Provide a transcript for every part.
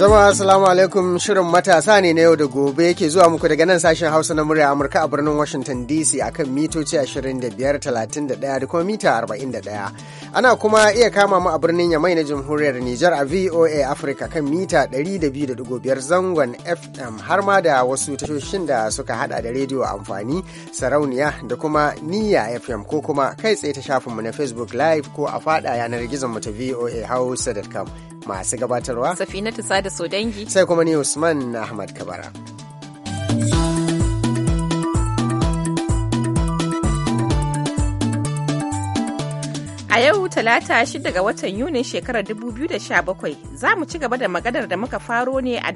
Jama'a assalamu alaikum shirin matasa ne na yau da gobe yake zuwa muku daga nan sashen Hausa na murya Amurka a birnin Washington DC akan mitoci 25 31 da kuma mita 41. Ana kuma iya kama mu a birnin Yamai na Jamhuriyar Nijar a VOA Africa kan mita 200.5 zangon FM har ma da wasu tashoshin da suka hada da rediyo amfani sarauniya da kuma niya FM ko kuma kai tsaye ta shafinmu na Facebook Live ko a fada yanar gizon mu ta VOA Hausa.com masu gabatarwa. Safinatu Sada Sodangi. Sai kuma ni Usman Ahmad Kabara. A yau talata shida ga watan Yunin shekarar 2017 za mu ci gaba da maganar da muka faro ne a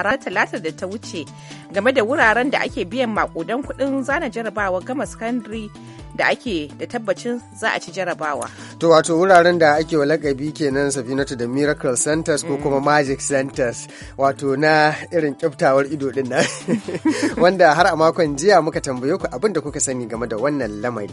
ranar talata da ta wuce game da wuraren da ake biyan makudan kudin zana jarabawa gama sakandare da ake da tabbacin za a ci jarabawa. To wato wuraren da ake wa lakabi kenan Safinatu da Miracle Centers ko kuma mm. Magic Centers wato na irin kyaftawar ido din nan wanda har a makon jiya muka tambaye ku abin da kuka sani game da wannan lamari.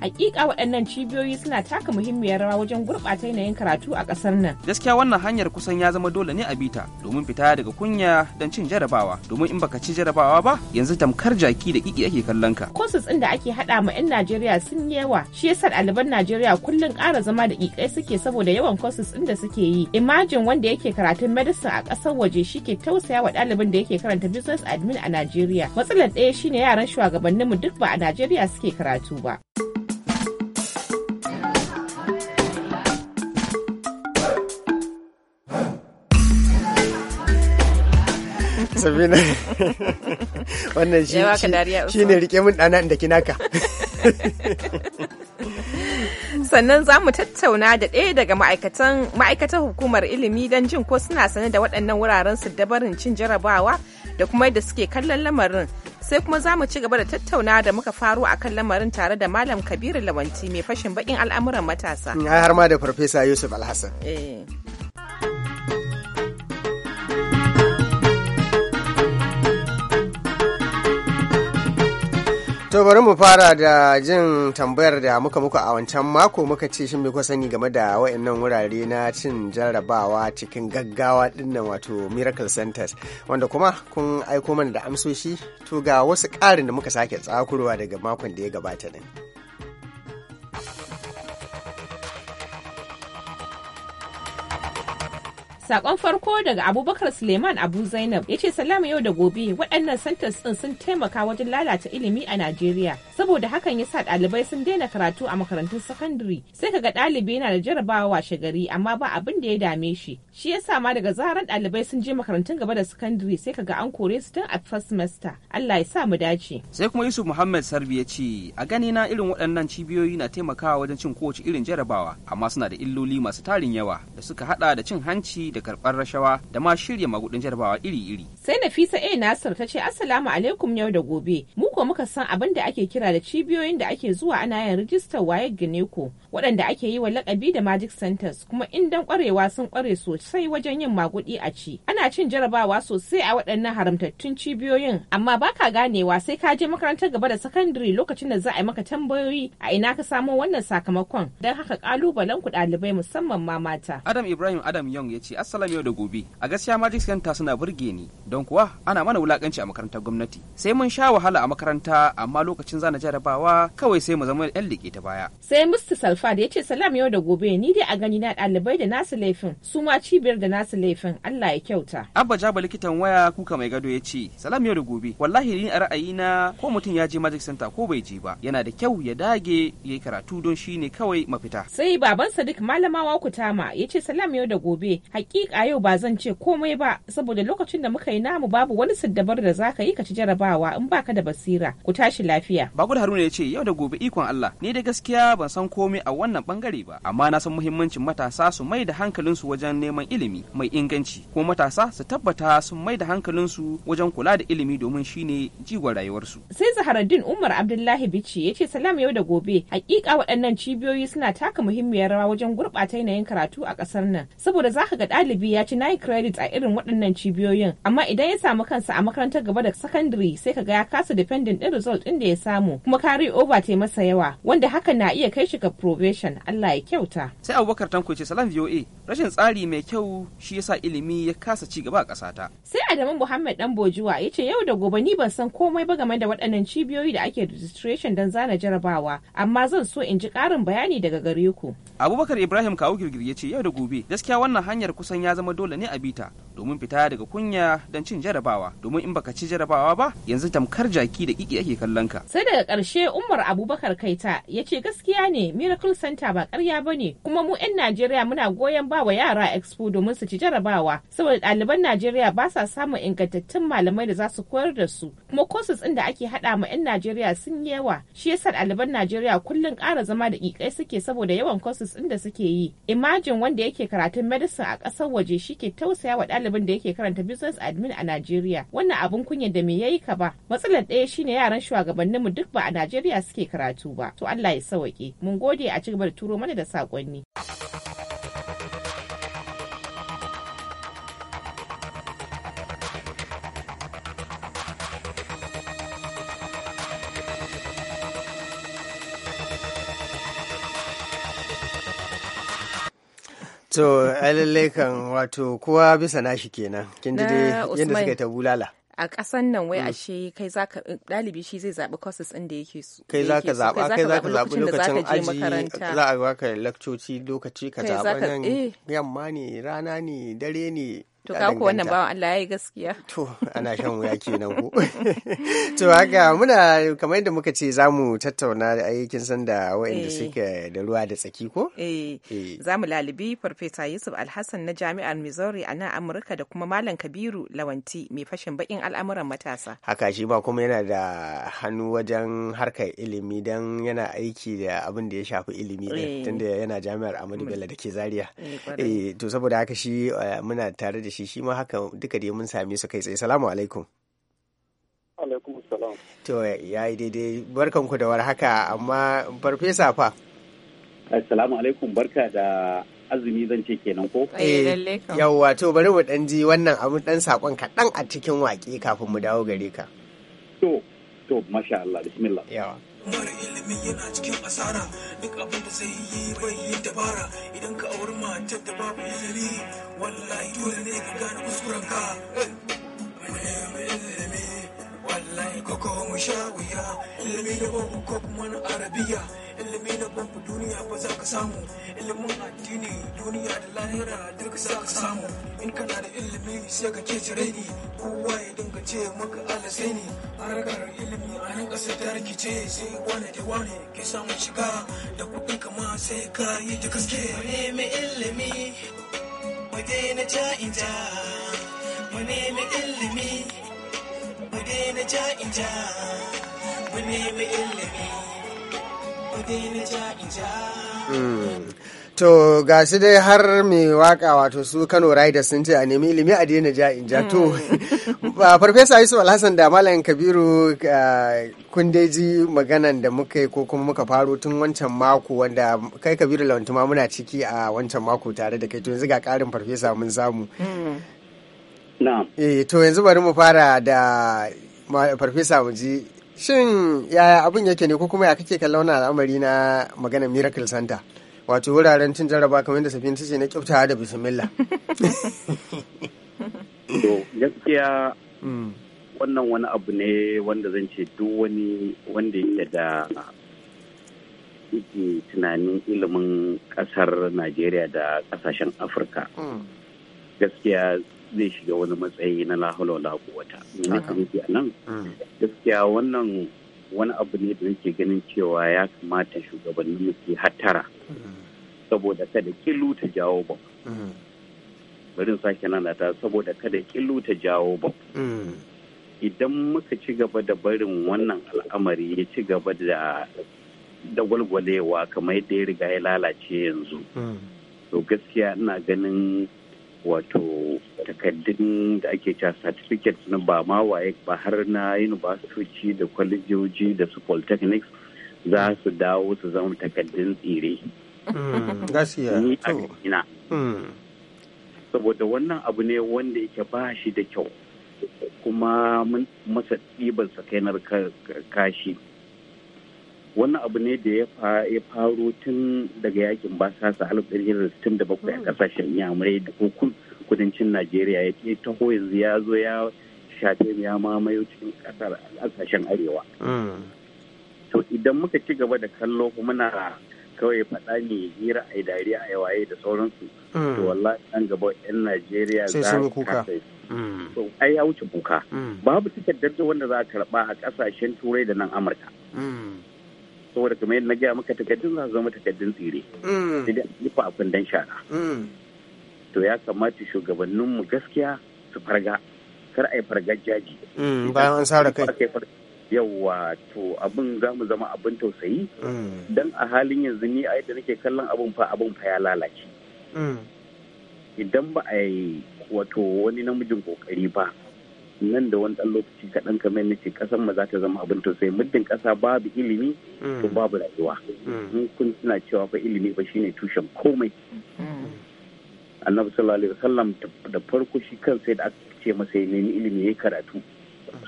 hakika waɗannan cibiyoyi suna taka muhimmiyar rawa wajen gurɓata yanayin karatu a ƙasar nan gaskiya wannan hanyar kusan ya zama dole ne a bita domin fita daga kunya don cin jarabawa domin in baka ci jarabawa ba yanzu tamkar jaki da kiki ake kallon ka courses ɗin da ake haɗa ma 'yan Najeriya sun yi yawa shi yasa ɗaliban Najeriya kullum ƙara zama da kikai suke saboda yawan courses ɗin da suke yi imagine wanda yake karatun medicine a ƙasar waje shi ke tausaya wa ɗalibin da yake karanta business admin a Najeriya matsalar ɗaya shine yaran shugabanninmu duk ba a Najeriya suke karatu ba. sabina wannan shi ne rike mun ɗana da kinaka sannan za mu tattauna da ɗaya daga ma'aikatan ma'aikatar hukumar ilimi don jin ko suna sane da waɗannan wuraren su dabarin cin jarabawa da kuma yadda suke kallon lamarin sai kuma za mu ci gaba da tattauna da muka faro a kan lamarin tare da malam kabiru lawanti mai fashin baƙin al'amuran matasa har ma da farfesa yusuf alhassan eh. To bari mu fara da jin tambayar da muka muku a wancan mako muka ce shin me sani game da wayannan wurare na cin jarrabawa cikin gaggawa dinnan wato Miracle Centers wanda kuma kun aiko mana da amsoshi to ga wasu ƙarin da muka sake tsakurwa daga makon da ya gabata din. Sakon farko daga Abubakar Suleiman Abu Zainab ya ce salamu yau da gobe waɗannan santas ɗin sun taimaka wajen lalata ilimi a Najeriya. Saboda hakan ya sa ɗalibai sun daina karatu a makarantun sakandare. Sai kaga ɗalibi yana da jarabawa washe gari amma ba abin da ya dame shi. Shi ya sa ma daga zaran ɗalibai sun je makarantun gaba da sakandare sai kaga an kore su tun a first semester. Allah ya sa mu dace. Sai kuma Yusuf Muhammad Sarbi ya ce a gani na irin waɗannan cibiyoyi na taimakawa wajen cin kowace irin jarabawa amma suna da illoli masu tarin yawa da suka haɗa da cin hanci da da karɓar rashawa da ma shirya magudin jarabawa iri-iri. Sai Nafisa A Nasir ta ce Assalamu alaikum yau da gobe. Mu ko muka san abin da ake kira da cibiyoyin da ake zuwa ana yin rijistar wayar gineko waɗanda ake yi wa lakabi da Magic Centers kuma indan kwarewa sun kware sosai wajen yin maguɗi a ci. Ana cin jarabawa sosai a waɗannan haramtattun cibiyoyin amma baka ganewa sai ka je makarantar gaba da sakandare lokacin da za a yi maka tambayoyi a ina ka samo wannan sakamakon don haka kalubalen ku ɗalibai musamman ma mata. Adam Ibrahim Adam Young ya ce assalamu yau da gobe a gaskiya Magic Center suna burge ni don kuwa ana mana wulakanci a makarantar gwamnati sai mun sha wahala a makarantar makaranta amma lokacin zana jarabawa kawai sai mu zama yan liƙe ta baya. Sai Mr. Salfad ya ce salam yau da gobe ni dai a gani na ɗalibai da nasu laifin su ma cibiyar da nasu laifin Allah ya kyauta. Abba Jaba likitan waya kuka mai gado ya ce salam yau da gobe wallahi ni a ra'ayi na ko mutum ya je Magic Center ko bai je ba yana da kyau ya dage ya yi karatu don shi ne kawai mafita. Sai baban Sadiq malamawa kutama ya ce salam yau da gobe hakika yau ba zan ce komai ba saboda lokacin da muka yi namu babu wani siddabar da zaka yi ka ci jarabawa in baka da basira. basira ku tashi lafiya bagud haruna ya ce yau da gobe ikon Allah ni da gaskiya ban san komai a wannan bangare ba amma na san muhimmancin matasa su mai da hankalinsu wajen neman ilimi mai inganci kuma matasa su tabbata sun mai da hankalinsu wajen kula da ilimi domin shine jigon rayuwarsu sai zaharaddin umar abdullahi bici ya ce salam yau da gobe hakika waɗannan cibiyoyi suna taka muhimmiyar rawa wajen gurɓata yanayin karatu a ƙasar nan saboda zaka ga ɗalibi ya ci nayi credit a irin waɗannan cibiyoyin amma idan ya samu kansa a makarantar gaba da sakandare sai ka ga ya kasa depend depending din result din da ya samu kuma carry over ta masa yawa wanda haka na iya kai shi ga probation Allah ya kyauta sai Abubakar Tanko ce salam VOA rashin tsari mai kyau shi yasa ilimi ya kasa ci gaba a kasata sai Adamu Muhammad dan Bojuwa ce yau da gobe ni ban san komai ba game da waɗannan cibiyoyi da ake registration don zana jarabawa amma zan so in ji ƙarin bayani daga gare ku Abubakar Ibrahim kawu Girgir yace yau da gobe gaskiya wannan hanyar kusan ya zama dole ne a bita domin fita daga kunya don cin jarabawa domin in baka ci jarabawa ba yanzu tamkar jaki da kiki ake kallon ka sai daga ƙarshe Umar Abubakar Kaita ya ce gaskiya ne Miracle Center ba ƙarya ne kuma mu 'yan Najeriya muna goyon ba wa yara Expo domin su ci jarabawa saboda ɗaliban Najeriya ba sa samun ingantattun malamai da za su koyar da su kuma courses ɗin da ake haɗa ma 'yan Najeriya sun yi yawa shi yasa ɗaliban Najeriya kullum ƙara zama da ƙiƙai suke saboda yawan courses ɗin da suke yi imajin wanda yake karatun medicine a ƙasar waje shi ke tausaya wa ɗalibin da yake karanta business admin a Najeriya wannan abun kunya da me yayi ka ba matsalar ɗaya shi shine yaran shugabanninmu duk ba a Najeriya suke karatu ba. To Allah ya sauke. Mun gode a ci gaba da turo mana da saƙonni. To, lallai kan wato kowa bisa nashi kenan. Kin ji yadda suka yi ta bulala. a ƙasan nan wai mm. ashe kai zaka eh, ɗalibi shi zai zaɓi courses ɗin da yake so kai zaka zaɓa kai zaka zaɓi lokacin aji za a baka lakcoci lokaci ka zaɓa nan eh. yamma ne rana ne dare ne To ka ku wannan bawan Allah yayi gaskiya. To ana shan wuya kenan ko. To haka muna kamar yadda muka ce zamu tattauna aikin sanda da eh. suke da ruwa da tsaki ko? Eh. eh. Zamu lalibi Farfesa Yusuf Alhassan na Jami'ar Missouri a nan Amurka da kuma Malam Kabiru Lawanti mai fashin bakin al'amuran matasa. Haka shi ba kuma yana da hannu wajen harkar ilimi dan yana aiki da abin da ya shafi ilimi din eh. tunda yana Jami'ar Ahmadu Bello mm. da ke Zaria. Eh to saboda haka shi muna tare da shi shi shi ma haka duka dai mun same su kai tsaye salamu alaikum alaikum salam to ya yi daidai barkan ku da war haka amma farfesa fa assalamu alaikum barka da azumi zan ce kenan ko eh, eh yawa to bari mu ɗan ji wannan abu dan sakon kaɗan a cikin waƙe kafin mu dawo gare ka to to masha Allah bismillah yawa mara ilimi yana cikin asara duk abin da zai yi bai yi dabara idan ka auri matar da babu izini wallahi dole ne ka gane kuskuren ka ba mu sha wuya ilimi na bamu ko kuma na arabiya ilimi na bamu duniya ba za ka samu ilimin addini duniya da lahira duk za ka samu in kana da ilimi sai ka ke cire ni kowa ya dinga ce maka Allah sai harkar ilimi a nan kasa ta rikice sai wane da wane ke samun shiga da kuɗin kama sai ka yi da gaske mu nemi ilimi mu daina ja'in ja mu nemi ilimi mu hmm. To ga shi dai har mai waka wato su Kano Riders sun ce a nemi ilimi a daina ja in ja to hmm. uh, Farfesa Yusuf Alhassan da Malam Kabiru uh, kun dai ji maganan da muka yi ko kuma muka faro tun wancan mako wanda kai Kabiru Lawantuma muna ciki a wancan mako tare da kai to yanzu ga karin farfesa mun samu. Hmm. Na. Eh to yanzu bari mu fara da farfesa mu ji shin yaya abin yake ne ko kuma ya kake kallon wannan al'amari na magana Miracle Center? Wato wuraren cin jarraba kamar da safin ce na kyauta da bismillah. To gaskiya hmm. wannan wani abu ne wanda zan ce duk wani wanda yake da yake tunanin ilimin kasar Najeriya da kasashen Afirka. Hmm. Gaskiya zai shiga wani matsayi na lahaula wala quwwata ne nake a nan hmm. gaskiya wannan wani abu ne da nake ganin cewa ya kamata shugabannin mu ke hattara hmm. saboda kada kilu ta jawo ba hmm. bari sake nanata saboda kada kilu ta jawo ba idan muka ci gaba da barin wannan al'amari ya ci gaba da da gwalgwalewa kamar da ya riga ya lalace yanzu to gaskiya ina ganin wato takaddun da ake cewa certificate na ba ma waye ba har na university da kwalejoji da su polytechnics za su dawo su zama takaddun tsire. Hmm, Ni a hmm. Saboda wannan abu ne wanda yake ba shi da kyau kuma masa ɗiban sakainar kashi. wannan abu ne da ya faru tun daga yakin basasa alif sittin da bakwai a hmm. kasashen yamurai da hukun kudancin najeriya ya ce taho yanzu ya zo ya shafe ya mamayo cikin ƙasashen arewa hmm. to idan muka ci gaba da kallo kuma na kawai faɗa ne hira a dariya a yawaye da sauransu hmm. to wallahi nan gaba 'yan najeriya za su kuka to ai ya wuce kuka babu takardar da wanda za a karba a kasashen turai da nan amurka saboda kamar yadda na gaya maka takaddun za zama takaddun tsire mm. sai dai nufa a kundin shara mm. to ya kamata mu gaskiya su farga kar a yi fargar jaji mm, bayan an sara kai Yawwa to abin za mu zama abin tausayi don a halin yanzu ni a yadda nake kallon abin fa abin fa ya lalace idan ba a yi wato wani namijin kokari ba nan da wani ɗan lokaci kaɗan kamar na ce ƙasar ma za ta zama abin tausayi muddin ƙasa babu ilimi to mm. babu rayuwa in mm. kun suna cewa fa ilimi ba shine tushen komai mm. annabi sallallahu alaihi wasallam da farko shi kan sai da aka ce masa ya nemi ilimi ya karatu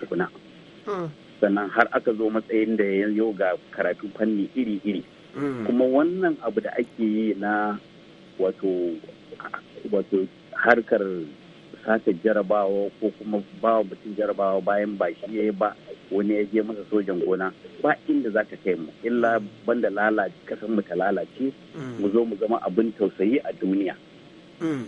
tukuna sannan har aka zo matsayin da ya yau ga karatu fanni iri-iri kuma wannan abu da ake yi na wato harkar kasa jarabawa ko kuma bawa mutum jarabawa bayan ba shi ya yi ba wani ya je masa sojan gona ba inda za ka kai mu illa banda lalace kasan mu ta lalace mm. mu zo mu zama abin tausayi a duniya. Mm.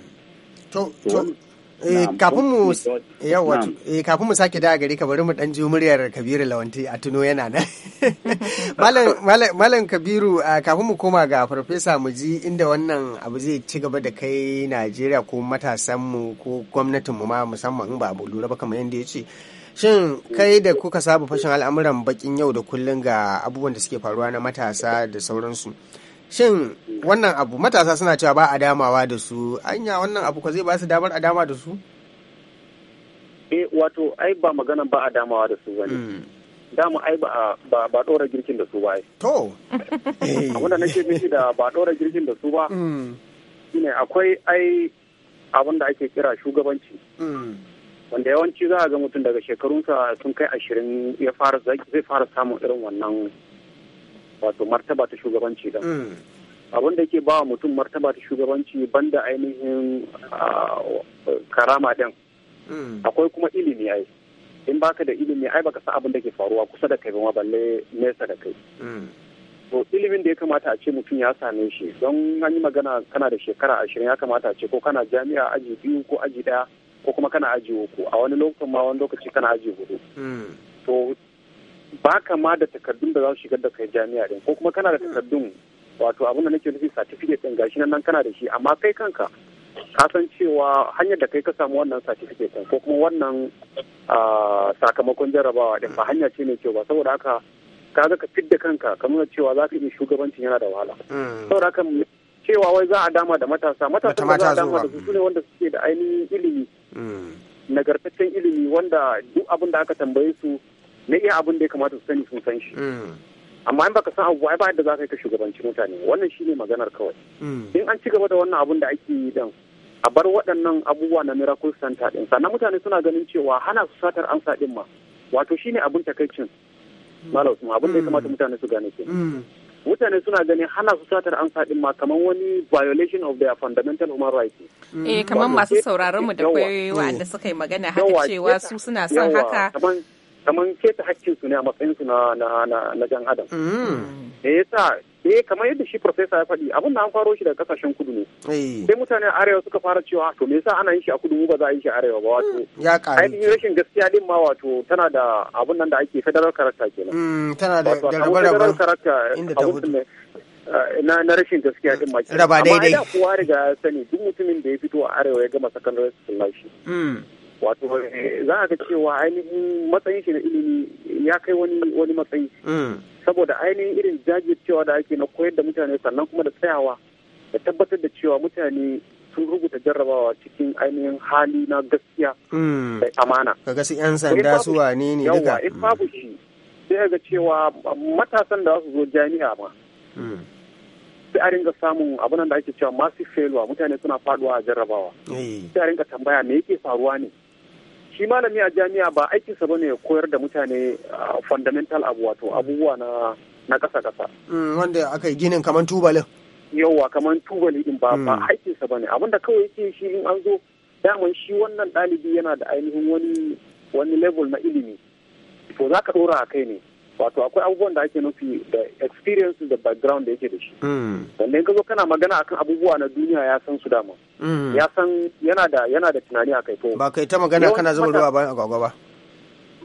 Eh, eh, kafin mu sake daga gare ka bari mu dan ji muryar Kabiru Lawanti a tuno yana nan. Malam Kabiru kafin mu koma ga farfesa mu ji inda wannan abu zai ci gaba da kai Najeriya ko matasan mu ko gwamnatin mu ma musamman ba mu lura ba kamar yadda ya ce. Shin kai da kuka saba fashin al'amuran bakin yau da kullun ga abubuwan da suke faruwa na matasa da sauransu. shin wannan abu matasa suna cewa ba a damawa da su anya wannan abu ka zai ba su damar a dama da su eh wato ai ba maganan ba a damawa da su bane hmm. dama ai ba ba ba dora girkin da su ba to wanda nake miki da ba dora girkin da su ba hmm. shine akwai ai abin da ake kira shugabanci hmm. wanda yawanci za a ga mutum daga shekarunsa sun kai ashirin ya fara zai fara samun irin wannan wato martaba ta shugabanci da mm. abin da yake ba wa mutum martaba ta shugabanci banda ainihin ah, karama din mm. akwai kuma ilimi ai in baka da ilimi ai baka san abin da ke faruwa kusa da kai ba balle nesa da kai mm. to ilimin da ya kamata a ce mutum ya same shi don an yi magana kana da shekara ashirin ya kamata a ce ko kana jami'a aji biyu ko aji daya ko kuma kana aji uku a wani lokacin ma wani lokaci kana aji hudu to ba ka da takardun da za su shigar da kai jami'a din ko kuma kana da takardun wato abin da nake nufi certificate ɗin gashi nan kana da shi amma kai kanka ka san cewa hanyar da kai ka samu wannan certificate din ko kuma wannan sakamakon jarabawa din ba hanya ce mai kyau ba saboda haka ka ga ka fidda kanka ka nuna cewa za ka yi shugabancin yana da wahala hmm. saboda haka cewa wai za a dama da matasa matasa ba za a dama da su ne wanda suke da ainihin ilimi hmm. nagartaccen ilimi wanda duk abin da aka tambaye su na iya abin da ya kamata su sani sun san shi mm. amma in baka san abu ba yadda za ka yi ka shugabanci mutane wannan shine maganar kawai mm. in an ci gaba da wannan abun da ake yi dan a bar waɗannan abubuwa na miracle center din sannan mutane suna ganin cewa hana su satar amsa din ma wato shine abin takaicin malam abin da ya mm. kamata mutane su gane ke mutane suna ganin hana su satar amsa din ma kamar wani violation of their fundamental human rights eh kamar masu sauraron mu da kwayoyi wanda suka yi magana haka cewa su suna son haka kamar keta hakkin su ne a matsayin su na na na jan adam mm. me yasa eh kamar yadda shi profesa ya faɗi abin da an faro shi daga kasashen kudu ne eh. sai mutane arewa suka fara cewa to me yasa ana yin shi a kudu mu ba za a yi shi arewa ba wato mm, ya kare ainihin rashin gaskiya din ma wato tana da abun nan da ake federal character kenan mm, tana da rabe-raben inda ta hudu. Eh, na na rashin gaskiya din ma raba daidai amma da kowa riga sani duk mutumin da ya fito a arewa ya gama secondary school shi wato eh, za a ga cewa ainihin matsayin shi na ilimi ya kai wani matsayi mm. saboda ainihin irin jajircewa da ake na koyar da mutane sannan kuma da tsayawa da tabbatar da cewa mutane sun rubuta jarrabawa cikin ainihin hali na gaskiya mm. da amana ga su yan sanda su wane ne duka in babu shi sai ga cewa matasan da za su zo jami'a ma mm. sai a ringa samun abin da ake cewa masu failure mutane suna faduwa a jarrabawa eh. sai a ringa tambaya me yake faruwa ne shi malami a jami'a ba aikinsa bane ya koyar da mutane fundamental abu wato abubuwa na na ƙasa ƙasa. Mm, wanda aka yi ginin kamar tubalin. yawwa kamar tubali din ba ba mm. aikinsa bane abinda kawai yake shi in an zo daman shi wannan ɗalibi yana da ainihin wani wani level na ilimi to za ka ɗora a kai ne wato akwai abubuwan da ake nufi da experience da background da yake da shi mm. sannan ka zo kana magana akan abubuwa na duniya ya san su dama mm. ya san yana da tunani a kai ba kai ta magana kana zama ruwa bayan agwagwa ba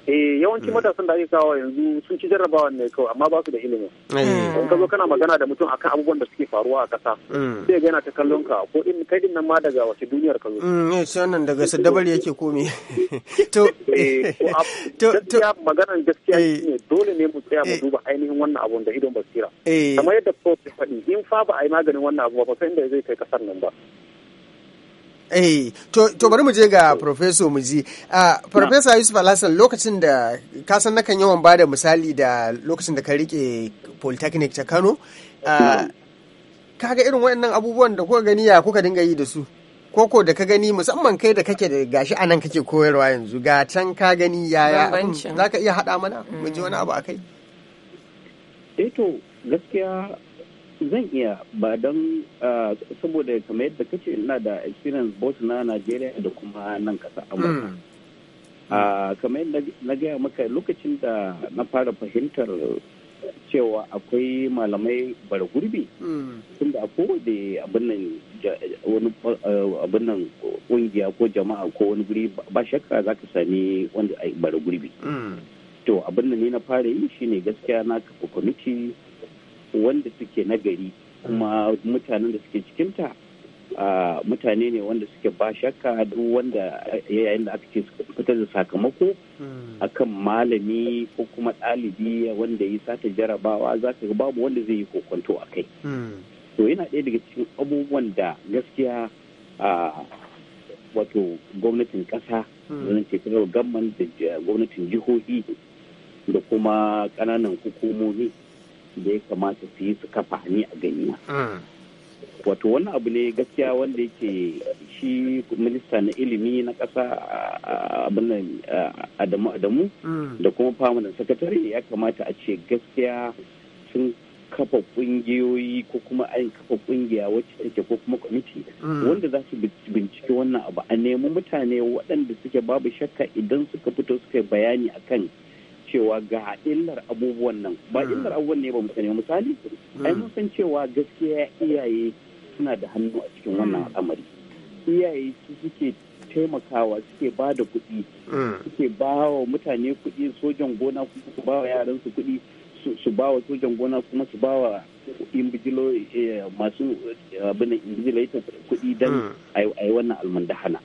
eh yawanci hmm. matasan da ake kawo yanzu sun ci jarrabawa ne kawai amma ba su da ilimi hmm. in ka zo kana magana da mutum akan abubuwan da suke faruwa a kasa hmm. sai ga yana ta kallon ka ko in kai din nan ma daga wace duniyar ka zo eh sai nan daga sadabar yake komi eh, eh, to to gaskiya maganar gaskiya eh, ne dole ne mu tsaya mu duba ainihin wannan abun da idon basira kamar yadda prof ya faɗi in fa ba a yi maganin wannan abu ba sai inda zai kai kasar nan ba Eh, to, to bari mu je ga Profeso muji Uh, Profesa Yusuf Alhassan lokacin da ka san nakan yawan bada misali da lokacin da ka rike Polytechnic ta Kano. Uh, ah, kaga irin waɗannan abubuwan da kuka gani ya kuka dinga yi da su. Koko da ka gani musamman kai da kake da gashi a nan kake koyarwa yanzu ga can ka gani yaya za ka iya haɗa mana mu ji wani mm. abu a kai. Eh to gaskiya zan iya ba don ah, saboda kamar yadda kace ina da experience both na Najeriya da kuma nan kasa Amurka. Hmm. Ah, kamar yadda na gaya maka lokacin da na fara fahimtar cewa akwai malamai bara gurbi hmm. tunda ko kowane abin nan kungiya ah, ko jama'a ko wani guri ba shakka za ka sami wanda bara gurbi hmm. to abin da ni na fara yi shine gaskiya na kafa kwamiti wanda suke nagari kuma mutanen da suke cikinta mutane ne wanda suke ba shakka duk wanda yayin da aka ce fitar da sakamako hmm. akan malami ko kuma ɗalibi wanda ya sata jarabawa za ka babu wanda zai yi kokonto a kai hmm. to yana ɗaya daga cikin abubuwan da gaskiya wato gwamnatin ƙasa zan hmm. ce federal da gwamnatin jihohi da kuma ƙananan hukumomi da ya kamata su yi su kafa ni a gani ah. wato wani abu ne gaskiya wanda yake shi minista na ilimi na ƙasa abin adamu adamu hmm. da kuma da sakatare ya kamata a ce gaskiya sun kafa kungiyoyi ko kuma an kafa kungiya wacce take ko kuma kwamiti hmm. wanda za su binciki wannan abu a nemi mutane waɗanda suke babu shakka idan suka fito suka yi bayani akan cewa ga illar abubuwan nan ba hmm. illar abubuwan ne ba mu sani misali hmm. ai mun san cewa gaskiya iyaye suna da hannu a cikin hmm. wannan al'amari iyaye su suke taimakawa suke ba da kuɗi suke ba wa mutane kuɗi sojan gona kuma su ba wa yaran su kuɗi su ba wa sojan gona kuma su ba wa eh, masu eh, abin inbijilator kuɗi don a yi wannan almandahana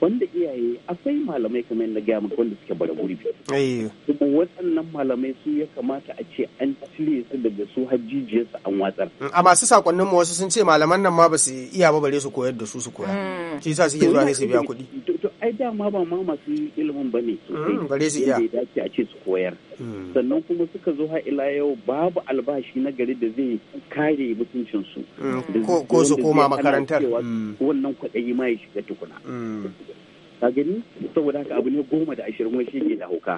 wanda iyaye akwai malamai kamar yadda gaya maka wanda suke bara gurbi eh. kuma waɗannan malamai su ya kamata a ce an cire su daga su hajjijiyarsu an watsar mm, a masu sakonnin mu wasu sun ce malaman nan ma ba su iya ba bare su koyar da su su koya hmm. shi yasa suke zuwa ne su biya kuɗi dama ba ma masu ilimin ba ne sosai mm, dace a ce su koyar mm. sannan kuma suka zo ila yau babu albashi na gari da zai kare mutuncin mm. su ko su koma makarantar wannan kwaɗayi ma ya shiga tukuna a gani saboda haka abu ne goma da ashirin wani shi da hauka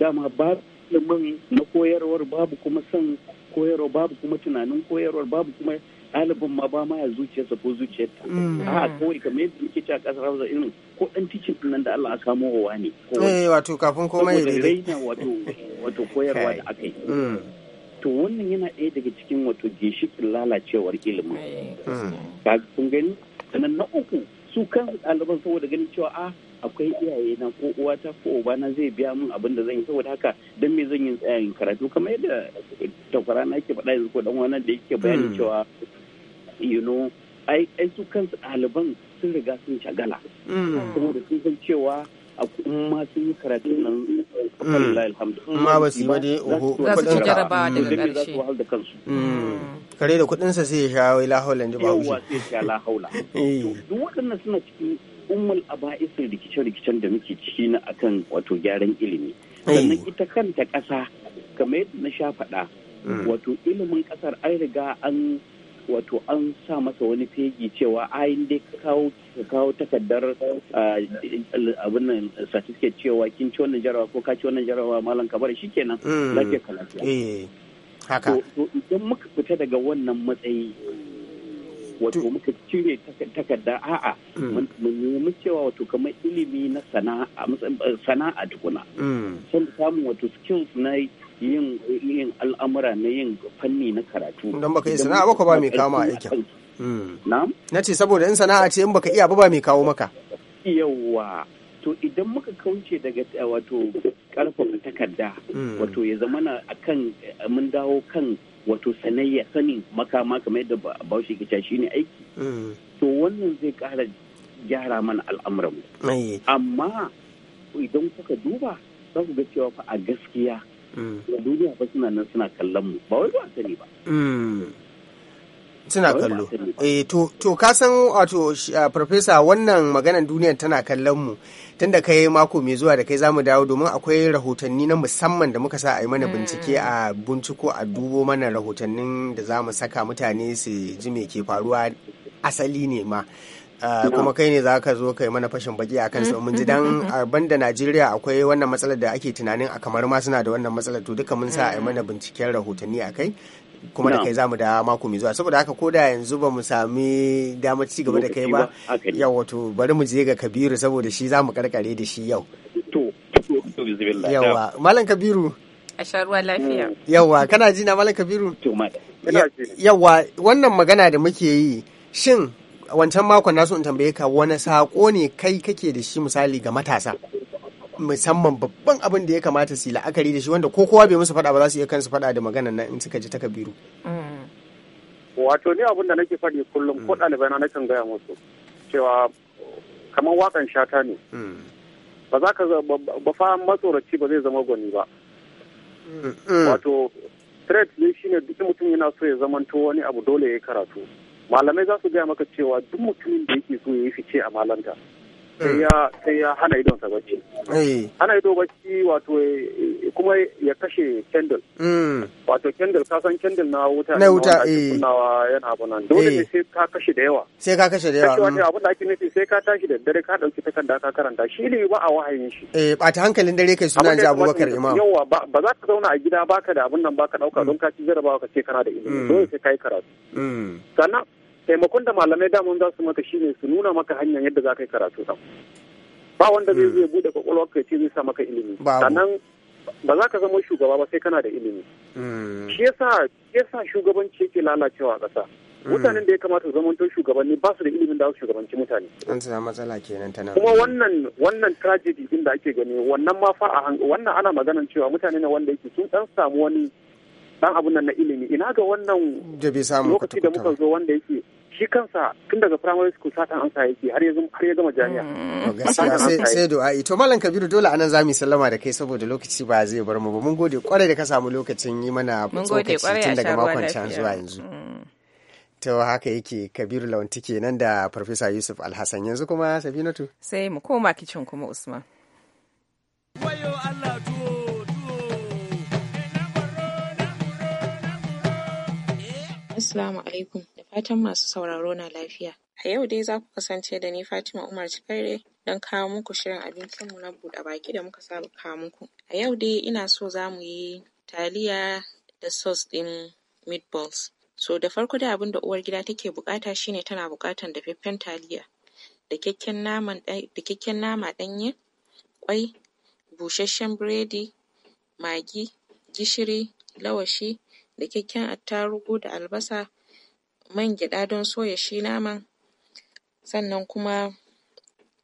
dama babu ilimin na koyarwar babu kuma son koyarwa babu kuma tunanin koyarwar babu kuma ɗalibin ma ba ma ya zuciyarsa ko zuciyarta mm. a kawai kamar yadda muke ci a ƙasar hausa irin ko ɗan tikin ɗin nan da Allah a samo wa ne eh wato kafin komai da raina wato wato koyarwa da aka yi mm. to wannan yana ɗaya daga cikin wato ginshiƙin lalacewar ilimi ba eh, mm. kun gani sannan na uku su kan ɗaliban saboda ganin cewa a ah, akwai iyaye na ko uwata ko ubana zai biya min abin da zan yi saboda haka dan me zan yi tsayayin eh, karatu kamar yadda takwara na ke faɗa yanzu ko dan wannan da yake bayani cewa you know ai su kansu ɗaliban sun riga sun shagala mm. da sun san cewa a ma sun yi karatu nan mm. ma ba kare da sai ya sha wai ne ba sai sha lahaula eh. duk waɗannan suna cikin ummul rikice-rikicen da muke ciki na akan gyaran ilimi ita kanta ƙasa kamar faɗa mm. wato ilimin ƙasar an riga an wato an sa masa wani fegi cewa ayin dai kawo kawo takardar ah, abin nan certificate cewa kin ci wannan jarawa ko ka ci wannan jarawa malam kabar shikenan mm. lafiya ka lafiya eh, haka to idan muka fita daga wannan matsayi wato muka cire takarda a'a mm. mun nemi cewa wato kamar ilimi na sana'a sana'a tukuna mm. sun samu wato skills na yin yin al'amura na yin fanni na karatu don baka yi sana'a ba ba mai kawo ma aikin hmm. na ce saboda in sana'a ce in baka iya ba ba mai kawo maka yawa to idan muka kauce daga eh, wato karfafa takarda hmm. wato ya zamana akan eh, mun dawo kan wato sanayya sani makama kamar yadda shi ke shi ne aiki hmm. to wannan zai kara gyara mana al'amuranmu amma idan kuka duba za ku ga cewa fa a gaskiya da duniya ba suna nan suna kallon mu ba wai ba sani ba mm. suna kallo eh to to ka san wato ah, farfesa ah, wannan maganar duniyar tana kallon mu tunda kai mako mai zuwa da kai zamu dawo domin akwai rahotanni na musamman da muka sa a yi mana bincike mm. a binciko a dubo mana rahotannin da zamu saka mutane su ji me ke faruwa asali ne ma Ah, kuma kai ne za ka zo kai mana fashin baki a kansa mm-hmm. mun ji dan mm-hmm. ah, ban da Najeriya akwai wannan matsalar da ake tunanin a kamar ma suna da wannan matsalar to duka mun sa a mana mm-hmm. binciken rahotanni a kai kuma da kai zamu da mako mai zuwa saboda haka koda yanzu ba mu sami damar ci gaba da kai ba yawa to bari mu je ga Kabiru saboda shi zamu karkare da shi yau to yawa malam Kabiru a lafiya mm. yawa kana ji na malam Kabiru to yawa wannan magana da muke yi shin wancan makon nasu in tambaye ka wani sako ne kai kake da shi misali ga matasa musamman babban abin da ya kamata su yi la'akari da shi wanda ko kowa bai musu faɗa ba za su iya kansu faɗa da maganan nan in suka ji ta kabiru. Mm. Wato ni abin da nake faɗi kullum ko mm. ɗalibai na nakan gaya musu cewa kamar waƙan shata ne. Mm. Ba za ka ba fa matsoraci ba zai zama gwani ba. Wato threat ne shine duk mutum yana so ya zamanto wani abu dole ya yi karatu. malamai za su gaya maka cewa duk mutumin da yake so ya yi fice a malanta Eh. sai ya hana sa bacci eh. hana ido bacci wato eh, kuma ya kashe candle hmm. wato candle ka san candle na wuta na wuta kunnawa yana abu nan dole ne sai ka kashe da yawa sai ka kashe da yawa kashe wani hmm. abu da ake nufi sai ka tashi da dare ka dauki takarda ka karanta shi ne ba a wahayin shi eh ba ta hankalin dare kai suna ji Abubakar Imam yawa ba za ka zauna a gida baka da abun nan baka dauka hmm. don ka ci jarabawa ka ce kana da ilimi dole sai yi karatu sannan taimakon da malamai daman za su maka shine su nuna maka hanyar yadda za ka yi karatu ɗan ba wanda zai hmm. zai buɗe kwakwalwar ka ce zai sa maka ilimi sannan ba za ka zama shugaba ba sai kana da ilimi hmm. shi yasa yasa shugabanci yake lalacewa a ƙasa hmm. mutanen da ya kamata to shugabanni ba su da ilimin da su shugabanci mutane an sa matsala kenan tana kuma wannan wannan tragedy din da ake gani wannan ma fa a wannan ana maganan cewa mutane ne wanda yake sun dan samu wani dan abun nan na ilimi ina ga wannan lokaci da muka zo wanda yake shi kansa tun daga primary school satan ansa yake har ya har ya gama jami'a mm. gaskiya sai sai du'a'i to mallam Kabiru dole anan zamu sallama da kai saboda lokaci ba zai bar mu ba mun gode kwarai da ka samu lokacin yi mana tsokaci tun daga makon can zuwa yanzu mm. To haka yake kabiru launti nan da farfesa yusuf alhassan yanzu kuma sabinatu sai mu koma kicin kuma usman Assalamu alaikum da fatan masu sauraro na lafiya. A yau dai za ku kasance da ni Fatima Umar Cikaire don kawo muku shirin abincinmu na buɗe baki da muka saba kawo muku. A yau dai ina so za mu yi taliya da sauce ɗin meatballs. So da farko dai abin da uwar gida take buƙata shine tana buƙatar dafaffen taliya, da dakakken nama ɗanye, kwai, busasshen biredi, magi, gishiri, lawashi, Da niƙaƙƙen attarugu da albasa, man gyaɗa don soya shi naman, sannan kuma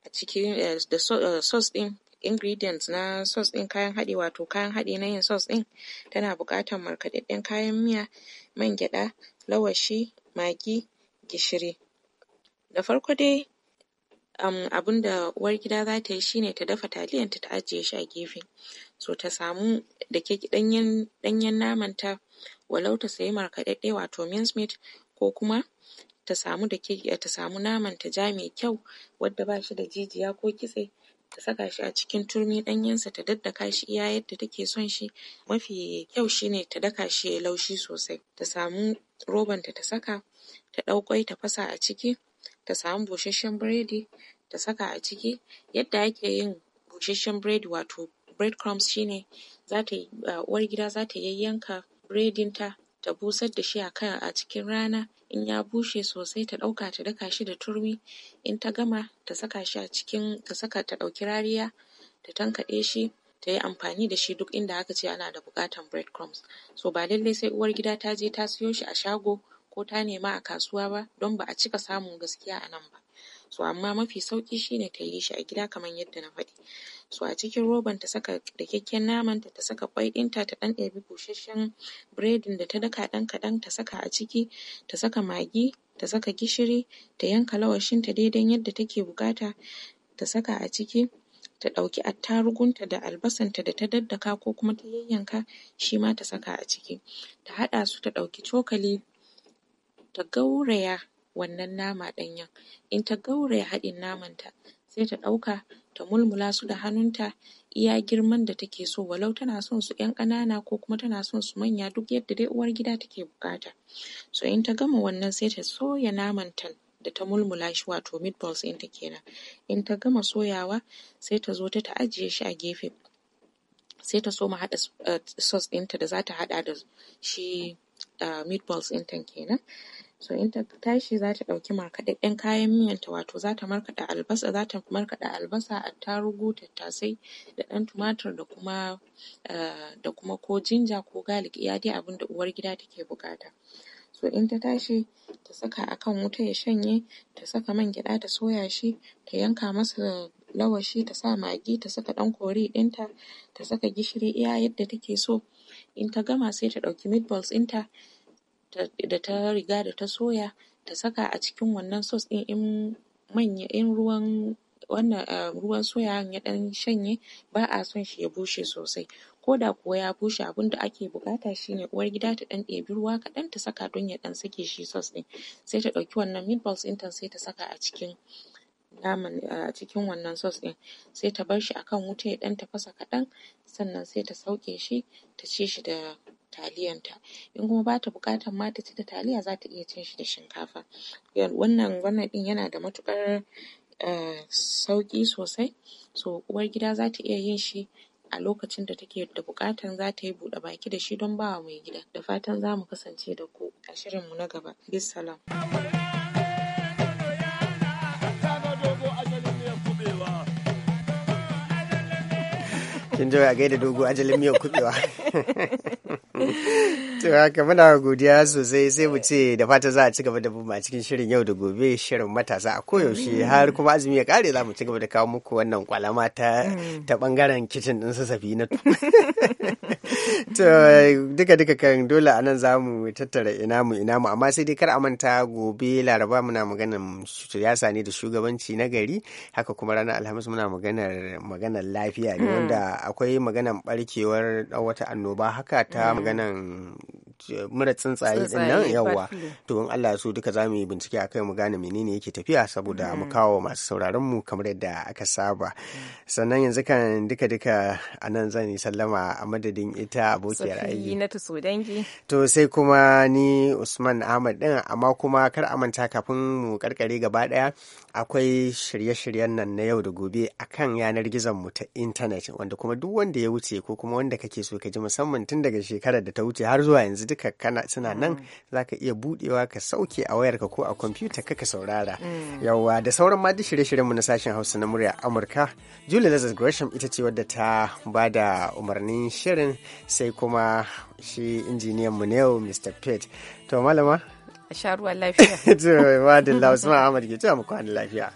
a cikin eh, da eh, sauce ɗin ingredients na sauce ɗin kayan haɗi wato kayan haɗi na yin sauce ɗin tana buƙatar markaɗaɗɗen kayan miya, man gyaɗa, lawashi, magi, gishiri. Da farko dai um abin da uwargida za ta yi shi ne ta dafa taliyanta ta ajiye shi a gefe, so ta samu da ɗanyen ɗanyen namanta walau ta sayi markaɗaɗɗe wato mince ko kuma ta samu dake ta samu naman ta ja mai kyau wadda ba shi da jijiya ko kitse ta saka shi a cikin turmi ɗanyensa ta daddaka shi iya yadda take son shi mafi kyau shi ne ta daka shi ya laushi sosai ta samu robanta ta saka ta ɗaukwai ƙwai ta fasa a ciki ta samu busasshen biredi ta saka a ciki yadda ake yin busasshen biredi wato bread crumbs shi ne za ta uwar gida za ta yayyanka biredinta ta ta busar da shi a cikin rana in ya bushe sosai ta ɗauka ta daka shi da turmi in ta gama ta saka shi a cikin ta ɗauki rariya ta tankaɗe shi ta yi amfani da shi duk inda aka ce ana da buƙatar bread crumbs so ba lallai sai uwar gida ta je ta siyo shi a shago ko ta nema a kasuwa ba don ba a cika samun gaskiya a nan ba so amma mafi sauƙi shine ta yi shi a gida kamar yadda na faɗi So a cikin roban ta saka dakakken namanta, ta saka kwai ɗinta, ta ɗan ɗebi busasshen biredin da ta daka ɗan kaɗan ta saka a ciki, ta saka magi, ta saka gishiri, ta yanka lawashinta daidai yadda take buƙata, ta saka a ciki, ta ɗauki attarugunta da albasanta da ta daddaka ko kuma ta yayyanka shi ma ta saka a ciki. Ta haɗa su ta ɗauki cokali ta gauraya wannan nama ɗanyen, in ta gauraya haɗin naman ta sai ta ɗauka ta mulmula su da hannunta iya girman da take so walau tana son su ‘yan ƙanana ko kuma tana son su manya duk yadda dai uwar gida take bukata. So in ta gama wannan sai ta soya naman ta da ta mulmula shi wato meatballs in ta kenan. In ta gama soyawa sai ta zo ta ta ajiye shi a gefe. Sai ta soma ma haɗa eh, sauce ɗinta da za ta haɗa da shi eh, meatballs ɗinta kenan. So in ta tashi za ta ɗauki markaɗaɗɗen kayan miyanta wato za ta markaɗa albasa za ta markaɗa albasa, attarugu, tattasai da ɗan tumatur da kuma eh, da kuma ko jinja ko galik iya dai abin da uwar gida take buƙata. So in ta tashi ta saka akan wuta ya shanye, ta saka man gyaɗa ta soya shi, ta yanka masa lawashi, ta sa magi, ta saka ɗan kori ɗinta, ta saka gishiri iya yadda take so. In ta gama sai ta ɗauki meat balls ɗinta da ta riga da ta soya ta saka a cikin wannan sos ɗin in manya in ruwan wannan eh, ruwan soyawan ya ɗan shanye ba a son shi ya bushe sosai ko da kuwa ya bushe abin da ake buƙata shine uwar gida ta ɗan ɗebi ruwa kaɗan ta saka don ya ɗan sake shi sos ɗin sai ta ɗauki wannan meat balls ɗin sai ta saka a cikin naman eh, a cikin wannan sos ɗin sai ta bar shi akan wuta ya ɗan tafasa kaɗan sannan sai ta sauke shi ta ci shi da taliyanta in kuma bata bukatan ma ta ci da taliya za ta iya cin shi da shinkafa wannan wannan ɗin yana da matukar eh, sauƙi sosai so uwar gida za ta iya yin shi a lokacin da take da buƙatan za ta yi buɗe baki da shi don ba wa mai gida da fatan za mu kasance da ku a shirinmu na gaba bisalam. kin jira gaida dogo ajalin miyar kubewa to haka muna godiya sosai sai mu ce da fata za a ci gaba da bin a cikin shirin yau da gobe shirin matasa a koyaushe har kuma azumi ya kare za mu ci gaba da kawo muku wannan kwalama ta bangaren mm. kicin din sassafi na to duka duka kan dole a nan za mu tattara ina mu ina mu amma sai dai kar a manta gobe laraba muna magana siyasa ne da shugabanci na gari haka kuma ranar alhamis muna maganar maganar lafiya ne mm. wanda akwai maganar barkewar wata annoba haka ta mm. maganan mm. eh, mura tsuntsaye din nan yawwa to in Allah so duka zamu yi bincike akai mu gane menene yake tafiya saboda mu mm. kawo masu sauraron mu kamar yadda aka saba sannan yanzu kan duka duka anan zan yi sallama a madadin ita abokiyar aiki to sai kuma ni Usman Ahmad din amma kuma kar a manta kafin mu karkare gaba daya akwai shirye-shiryen nan na yau da gobe a kan yanar gizon mu ta intanet wanda kuma duk wanda ya wuce ko kuma wanda kake so ka ji musamman tun daga shekarar da ta wuce har zuwa yanzu duka kana suna nan mm. za ka iya budewa ka sauke a wayarka ko a kwamfuta ka ka saurara mm. yawa da sauran ma duk shirye-shiryen mu na sashen hausa na murya amurka julie lazar gresham ita ce wadda ta ba da umarnin shirin sai kuma shi injiniyan mu ne mr pete to malama a sha ruwan lafiya to madalla usman ahmad ke cewa mu lafiya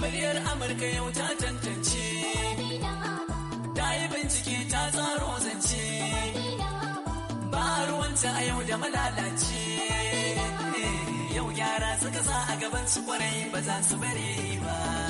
Muryar Amurka yau ta tantance, ta yi bincike ta ba ruwanta a yau da malalace. Yau yara suka sa a gaban su kwarai ba za su bare ba.